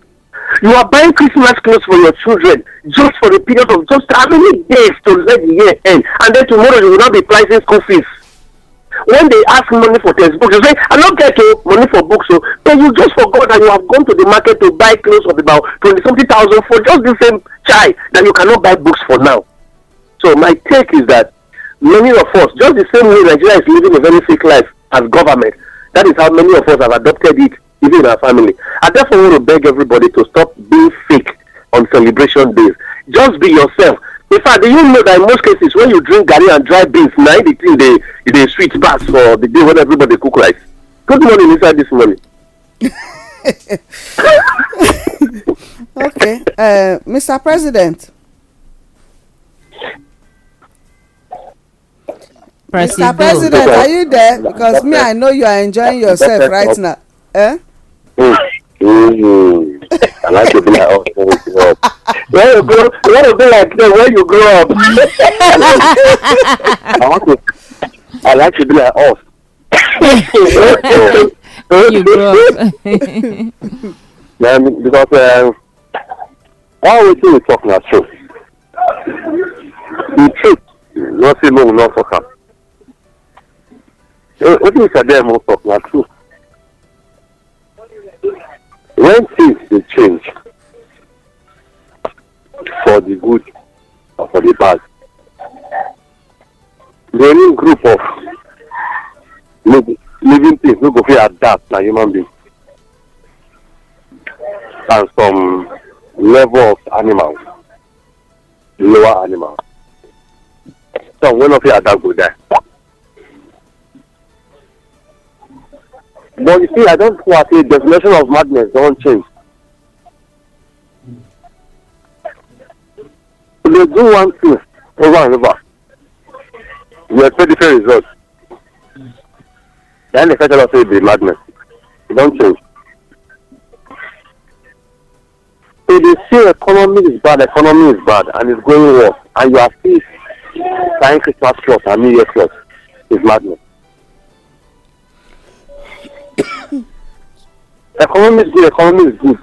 You are buying Christmas clothes for your children just for a period of just how many days to let the year end, and then tomorrow you will not be pricing school fees. When they ask money for textbooks, you say, I don't get to oh, money for books, so oh. then you just forgot that you have gone to the market to buy clothes of about 20 something thousand for just the same child that you cannot buy books for now. So, my take is that many of us, just the same way Nigeria is living a very fake life as government, That is how many of us have adopted it, even in our family. I therefore want to beg everybody to stop being fake on celebration days. Just be yourself. In fact, do you know that in most cases, when you drink garri and dry beans, now the thing they they sweet pass for the day when everybody cook rice. Good morning inside this morning. okay, uh, Mr. President. Presido. Mr. President, are you there? Because me, I know you are enjoying yourself right now. Eh? mm I like to be like oh, oh, oh. when you go? Where you be like that when you grow up I want to I like to be like off. you grow up. yeah, because uh, all we do is talk na truth. The truth, nothing more, nothing less o ti sàbẹ̀ mo for plateau when things dey change for the good or for the bad the only group of living things no go fit adapt na human beings and some level of animals lower animals some wey no fit adapt go die. But you see, I don't think that the definition of madness don't change. They do one thing over and over. You expect different results. Then the federal say be madness. It don't change. If you see economy is bad, economy is bad, and it's going worse, and you are still signing Christmas cloth and New Year cloth. It's madness economy is good economy is good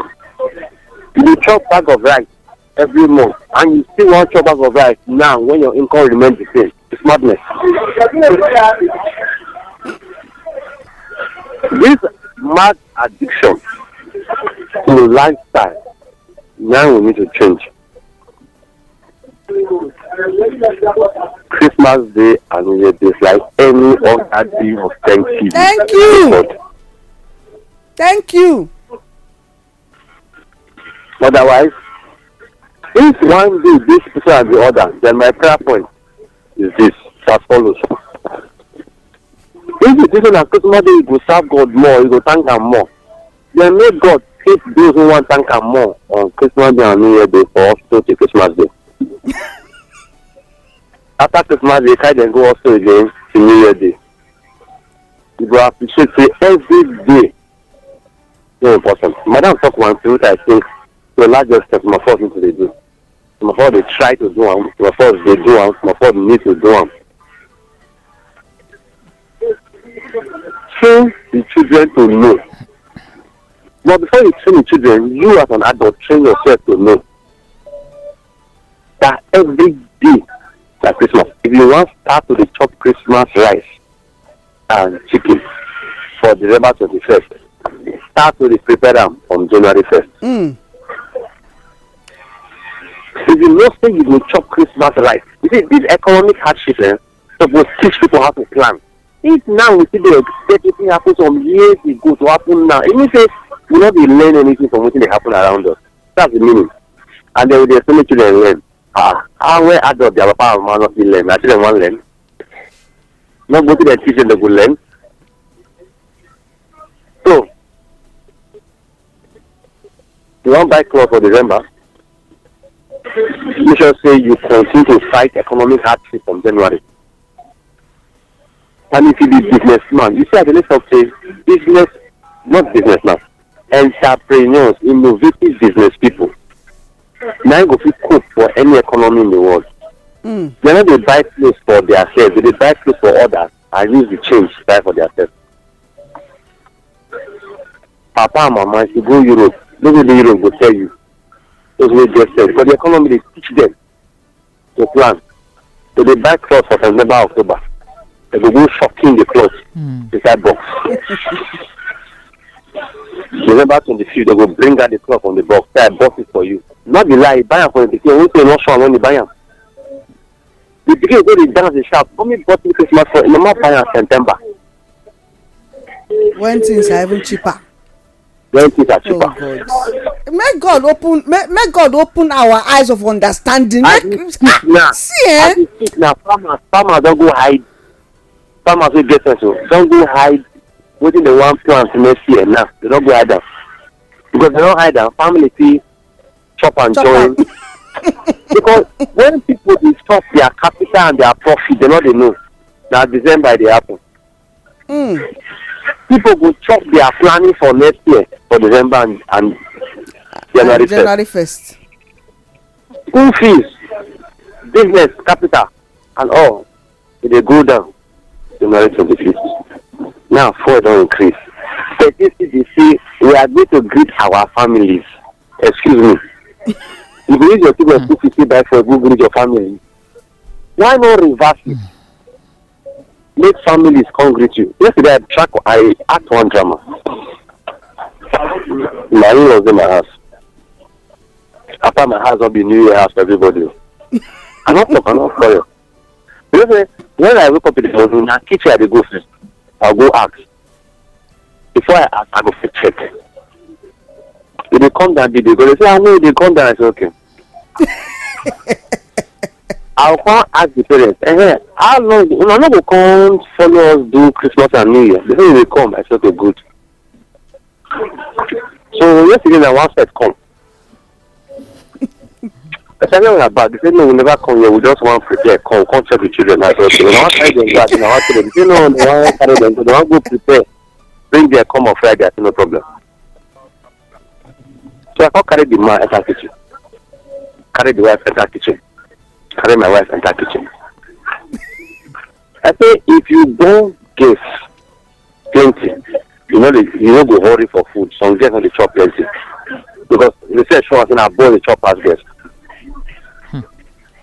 you dey chop bag of rice every month and you still wan chop bag of rice now when your income remain the same it's madness. this mad addiction to lifestyle now we need to change. Christmas Day and New Year Day like any other day of thanksgiving. Thank you. But thank you. otherwise if one day this person and the other then my prayer point is this as follows if you person na customer you go serve god more you go thank am more then make god take those who wan thank am more on christmas day and new year day for hospital till christmas day after christmas day carry dem go hospital again till new year day you go appreciate say every day very important. Madam talk one thing which I think to a large extent Semaphore need to dey do. Semaphore they try to do am, Semaphore dey do am, they need to do am. Train the children to know. But before you train the children, you as an adult train yourself to know that every day na Christmas. If you want to start to dey chop Christmas rice and chicken for December twenty-first, start to dey prepare am on january first. Mm. if you know say you go chop christmas rice you see this economic hardship eh, suppose teach people how to plan if now we still dey expect wetin happen some years ago to happen now e mean say we no dey learn anything from wetin dey happen around us that's the meaning and then we dey explain children learn ah how well adult their papa and mama no fit learn na children wan learn no go see their children dey go learn you don't buy clothes for december You just say you continue to fight economic hardship from january and if you be businessman you see at the list of business not businessman entrepreneurs innovative business people na im go fit cope for any economy in the world mm. dem no dey buy clothes for themselves. They buy clothes for others and use the change buy for themselves. papa and mama if you go europe nobody in Europe will tell you. Those will just say but the economy they teach them to plan. So they buy clothes for September, October. They go go shopping the cloth mm. inside box. November twenty fifth, they go bring out the cloth on the box. Say I bought it for you. Not be lie, buy am for the pikin. Only say no sure when you buy am. The pikin go dey dance dey shout, "Mommy bought me Christmas for Mama buy am September." When things are even cheaper then things are Oh May God open may, may God open our eyes of understanding. make, we ah, see, eh? as now farmers farmers don go hide farmers wey get sense o oh. don go hide wetin dem wan plant next year now dem don go hide am because dem don hide am family fit chop and chop join because when people dey stop their capital and their profit dem no dey know na december e dey happen. Mm. people go chop their planning for next year for december and, and january, january 1st. school fees business capital and all e dey go down january 25th now four don increase statistics dey say we are going to greet our families excuse me you go use your two, school fees pay by for go greet your family why no reverse it make families come greet you yesterday i track i act one drama my in-laws in my house. After my house, I'll be new year house for everybody. I not talk, I don't for you. You know, when I wake up in the morning, na kitchen I dey go first. I'll go ask. Before I ask, I go fit check. If they come down, they go, they say, I ah, know they come down. I say, okay. I'll come ask the parents, eh, how long, una no go come follow us do Christmas and New Year. They say, they come. I say, okay, good. So yesterday na one set come. I said, no, bad. They said, no, we never come here. We just want prepare. Come, come check the children. I said, okay. When I want them back, when I want to them, they know they want to carry them. So they want to go prepare. Bring their come on Friday. I said, no problem. So I come carry the man enter kitchen. Carry the wife enter kitchen. Carry my wife enter kitchen. I say, if you don't give plenty, you know, dey you no go hurry for food some girls no dey chop plenty because research show us say na boys dey chop pass girls.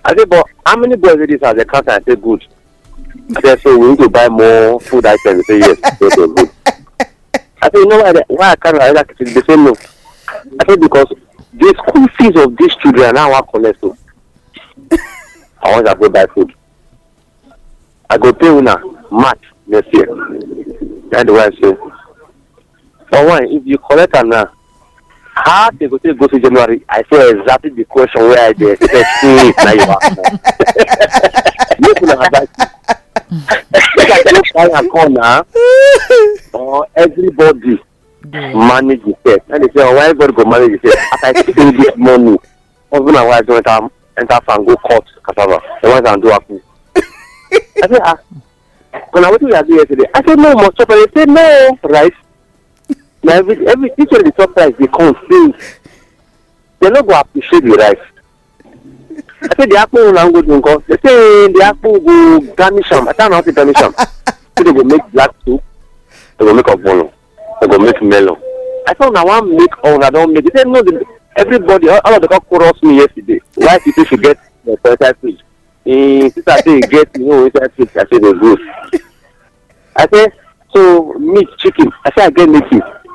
i say but how many boys dey this house dey count am say good i say so we need to buy more food items say yes yes yes good i say you know why why i carry my other kitchen dey say no i say because the school fees of these children na wan collect o i wan just go buy food i go pay una march next year na the way i say But one, if you collect am now, how they go to go to January? I say exactly the question where I dey expect it na you ask for. You go na advise me. Make I just try and come now. Or everybody manage the yourself. And they say, oh, why God go manage yourself? As I take in this money, husband and wife don enter enter farm go cut cassava. The wife and do happy. I say, ah, but na wetin we agree yesterday. I said, no, must chop. And they say no, right? na every every each of the top price dey come say dem no go appreciate the rice i say the akpo una go do nkan they say eh, the akpo go garnish am i tell una how to garnish am say they go make black soup they go make ogbono they go make melon i say una wan make or una don make they say no the everybody all, of them come cross me yesterday why people should get the inside fridge eh, him sister say he get you know inside fridge i say they go. i say so meat chicken i say i get meat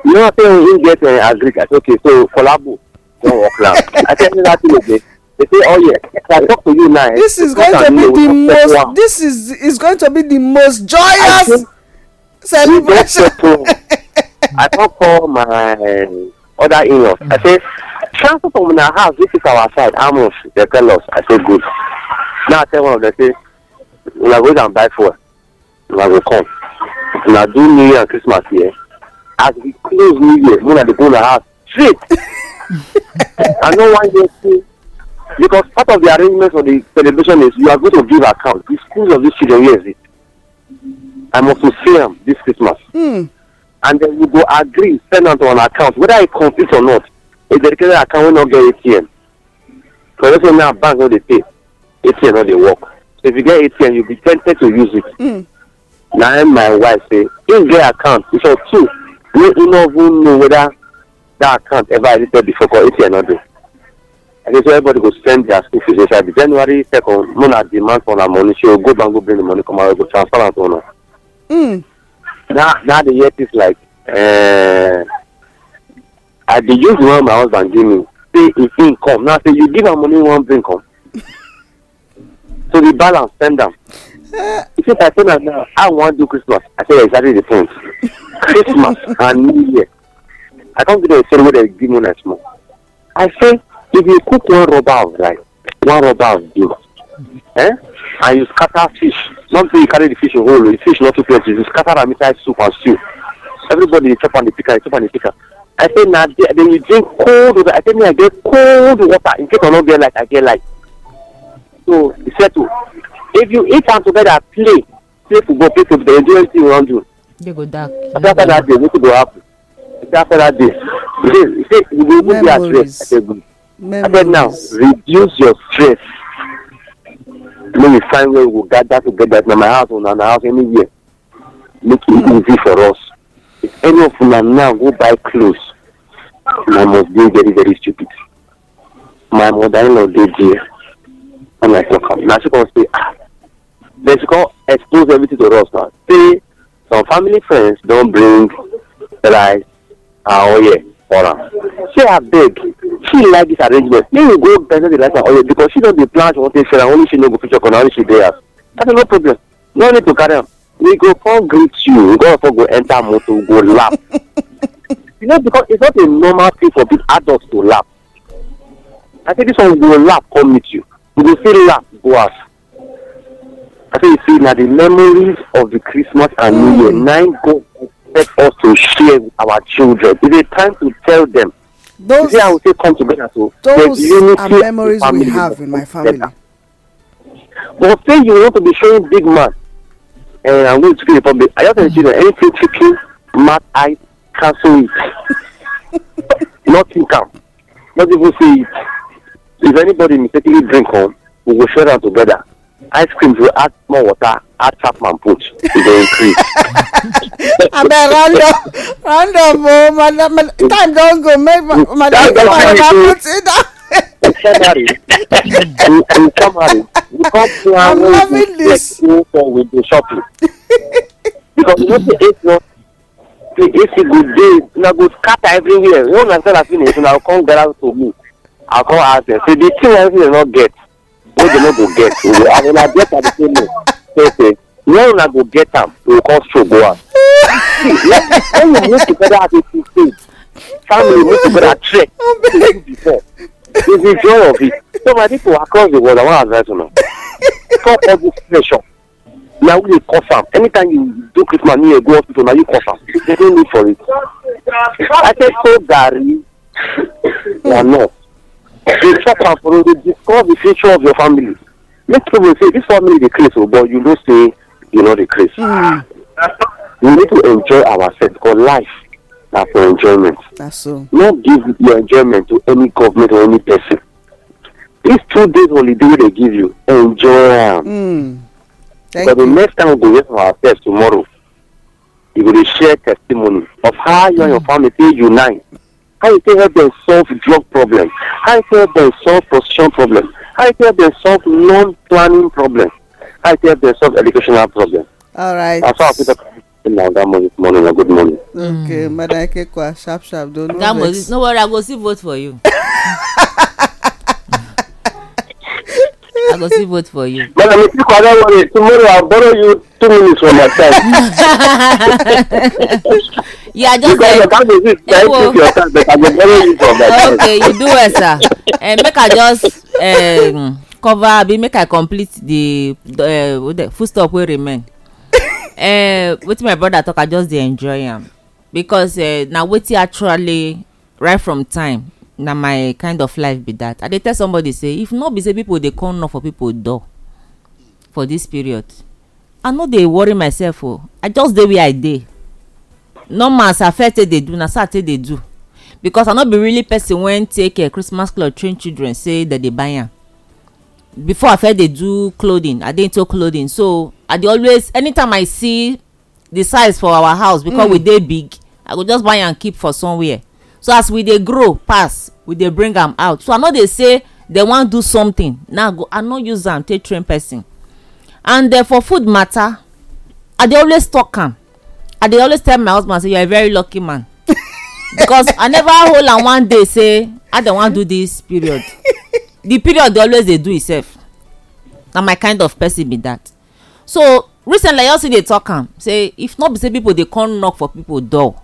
you know say him get uh, agric okay so collabo don work now i tell you that thing again they say oh yeah i talk to you now. Eh, this is going to be the most one. this is is going to be the most joyous celebration. Oh. i don call my uh, other in-laws i say transfer from una house this is our side how much dem tell us i say good now i tell one of them say una go down buy fuel una go come una do new year and christmas here. Yeah? as we close new year moon and the moon house straight i no wan hear say because part of the arrangement for the celebration is you are going to give account the schools of these children here is it i must fulfill am this christmas mm. and then we go agree send am to an account whether e complete or not a dedicated account wey no get atm so let's now bank no dey pay atm no dey work so if you get atm you be tempted to use it mm. na my wife say if get account we for two do you not even know whether that account ever existed before for eight years or not and everybody go spend their school fees inside the january second mona demand for na money she go go bank go bring the money come out go transfer am to una. Mm. now now the year is like uh, i did use the one my husband give me say e fit now say you give her money one bring come so the balance send am he eh. say if i send her now how i wan do christmas i say exactly the point. Christmas and New Year. I don't think they say what they give me a small. I say, if you cook one rubber of rice, one rubber of beans, eh? and you scatter fish, not say you carry the fish whole, the fish not too plenty, you scatter am inside soup and stew. Everybody dey chop and dey pick am, dey chop and dey pick I say now, there, then you drink cold water. I say me I get cold water in case I no get light, I get light. So, e to, If you eat and together, play, play football, play football, enjoy anything around you they go wetin go happen after that say you go even be at rest abeg now reduce your stress make we find where we go gather together na my house una na house anywhere make e easy for us if any of una now go buy clothes una must dey very very stupid my mother-in-law dey there and i talk am na she come say ah then she come expose everything to us now say some family friends don bring rice and oil for am say abeg she like this arrangement make we go better the rice and oil because she don dey plan she wan take sell am only she no go fit chop am only she dey house that no problem no need to carry am we go come greet you we go come go enter motor go laugh you know because it's not a normal thing for big adults to laugh i say this one go laugh come meet you you go fit laugh go house I think you see now the memories of the Christmas and New Year. Mm. Nine go expect us to share with our children. It's a time to tell them. Those, see, I will say come together. So those are memories we have in my family. But say you want to be showing big man, eh, and I'm going to the public. I just tell mm. children anything chicken, mad eye, cancel it. Nothing come. Not even see it. If anybody mistakenly drink home, oh, we will share that together ice creams will add more water, add Chapman punch, it will increase. I bet random, random, oh, madam, time don't go, make my, my, that, my, my, my put it down. in summary, in summary, you come to our way to this. go for window shopping. because if know the eight months, the AC go dey, scatter everywhere. You know, na finish, as finish, na come out to me. I'll come ask them, say the thing I fit not get wey dem no go get we go and una get am say no say say when una go get am we go come stroke go am see when you meet together at eighteen stage family meet together trek to do before you be sure of it so my people across the world i wan advise una stop all this pressure na we dey cause am anytime you do christmas new year go hospital na you cause am there no need for it i say so garri na nurse dey talk am follow dey discuss the future of your family make people say this family dey craze o oh, but you know say you no dey craze. Hmm. we need to enjoy ourselves because life na for enjoyment. so. no give your enjoyment to any government or any person. this two days holiday wey dey give you enjoy am. Mm. but the next time we go hear from ourselves tomorrow you go dey share testimony of how you and your hmm. family take unite how you can help them solve drug problem how you can help them solve prostitution problem how you can help them solve non planning problem how you can help them solve educational problem. all right. as far as people can na that morning morning na good morning. okay mm. madam ekekwa sharp sharp Don't. no vex. that morning no worry i go still vote for you. go still vote for you. Madam, if you can worry, tomorrow I'll borrow you two minutes from my time. you are just because like. Because I can't resist. I your time, but I go borrow you from my time. Okay, you do well, sir. And eh, make I just um, cover, Be make I complete the, uh, the eh, full stop wey remain. uh, eh, with my brother talk i just dey enjoy am because uh, now na wetin actually right from time na my kind of life be that i dey tell somebody say if no be say people dey come knock for people door for this period i no dey worry myself o i just dey where i dey normal as i first dey do na so i take dey do because i no be really person wen take uh, christmas cloth train children say dem dey buy am before i first dey do clothing i dey into clothing so i dey always anytime i see the size for our house because mm. we dey big i go just buy am keep for somewhere so as we dey grow pass we dey bring am out so i no dey say dem wan do something now go i no use am take train person and then for food matter i dey always talk am i dey always tell my husband say you are a very lucky man because i never hold am one day say i ah, dey wan do this period the period dey always dey do itself na my kind of person be that so recently i see dey talk am say if not be say people dey come knock for people door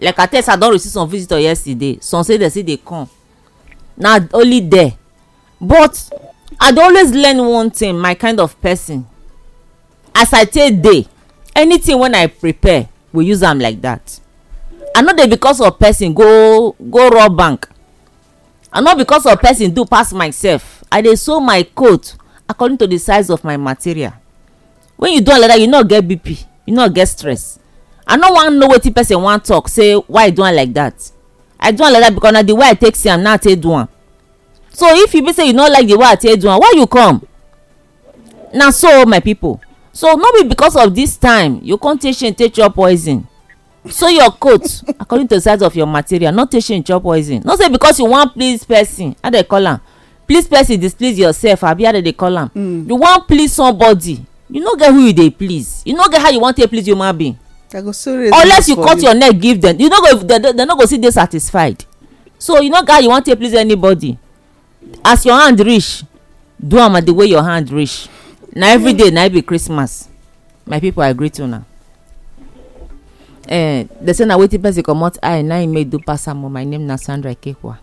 like i tell say i don receive some visitor yesterday some say dem still dey come na only there but i dey always learn one thing my kind of person as i take dey anything wey i prepare we use am like that i no dey because of person go go rob bank i no because of person do pass myself i dey sew my coat according to the size of my material when you do am like that you no get bp you no get stress i no wan know wetin person wan talk say why i do am like that i do am like that because na the way i take see am na i take do am so if you be say you no like the way i take do am why you come na so my people so no be because of this time you come take shame take chop poison sew your coat according to the size of your material no take shame chop poison no say because you wan please person how dey call am please person displease yourself abi how dey dey call am mm. you wan please somebody you no get who you dey please you no get how you wan take please human being unless you cut your neck give them. you no go dem no go see dey satisfied so you know how you wan take please anybody as your hand reach do am at the way your hand reach na day, na e be christmas my people i greet una eh dey say na wetin person comot eye na im e make do pass am o my name na sandra ikekwa.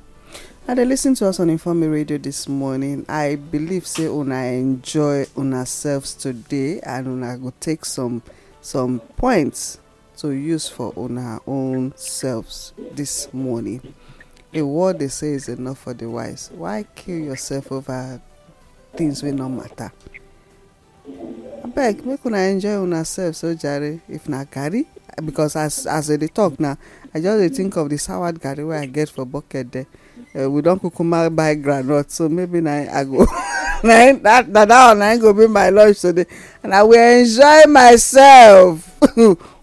i dey lis ten to us on informe radio this morning i believe say una enjoy una selves today and una go take some some points to use for on our own selves this morning. A word they say is enough for the wise. Why kill yourself over things we no matter? abeg make una enjoy una self so jare if na garri because as as they talk now i just think of the soured garri wey i get for bucket there Eh, we don kukuma buy groundnut so maybe na i go na that that one na go be my lunch today and i will enjoy myself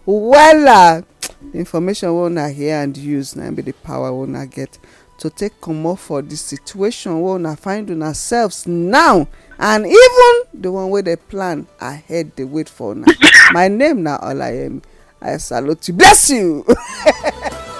wella information wey una hear and use na be the power wey una get to take comot for the situation wey una find una selves now and even the one wey dey plan ahead dey wait for una my name na olayemi i salute you bless you.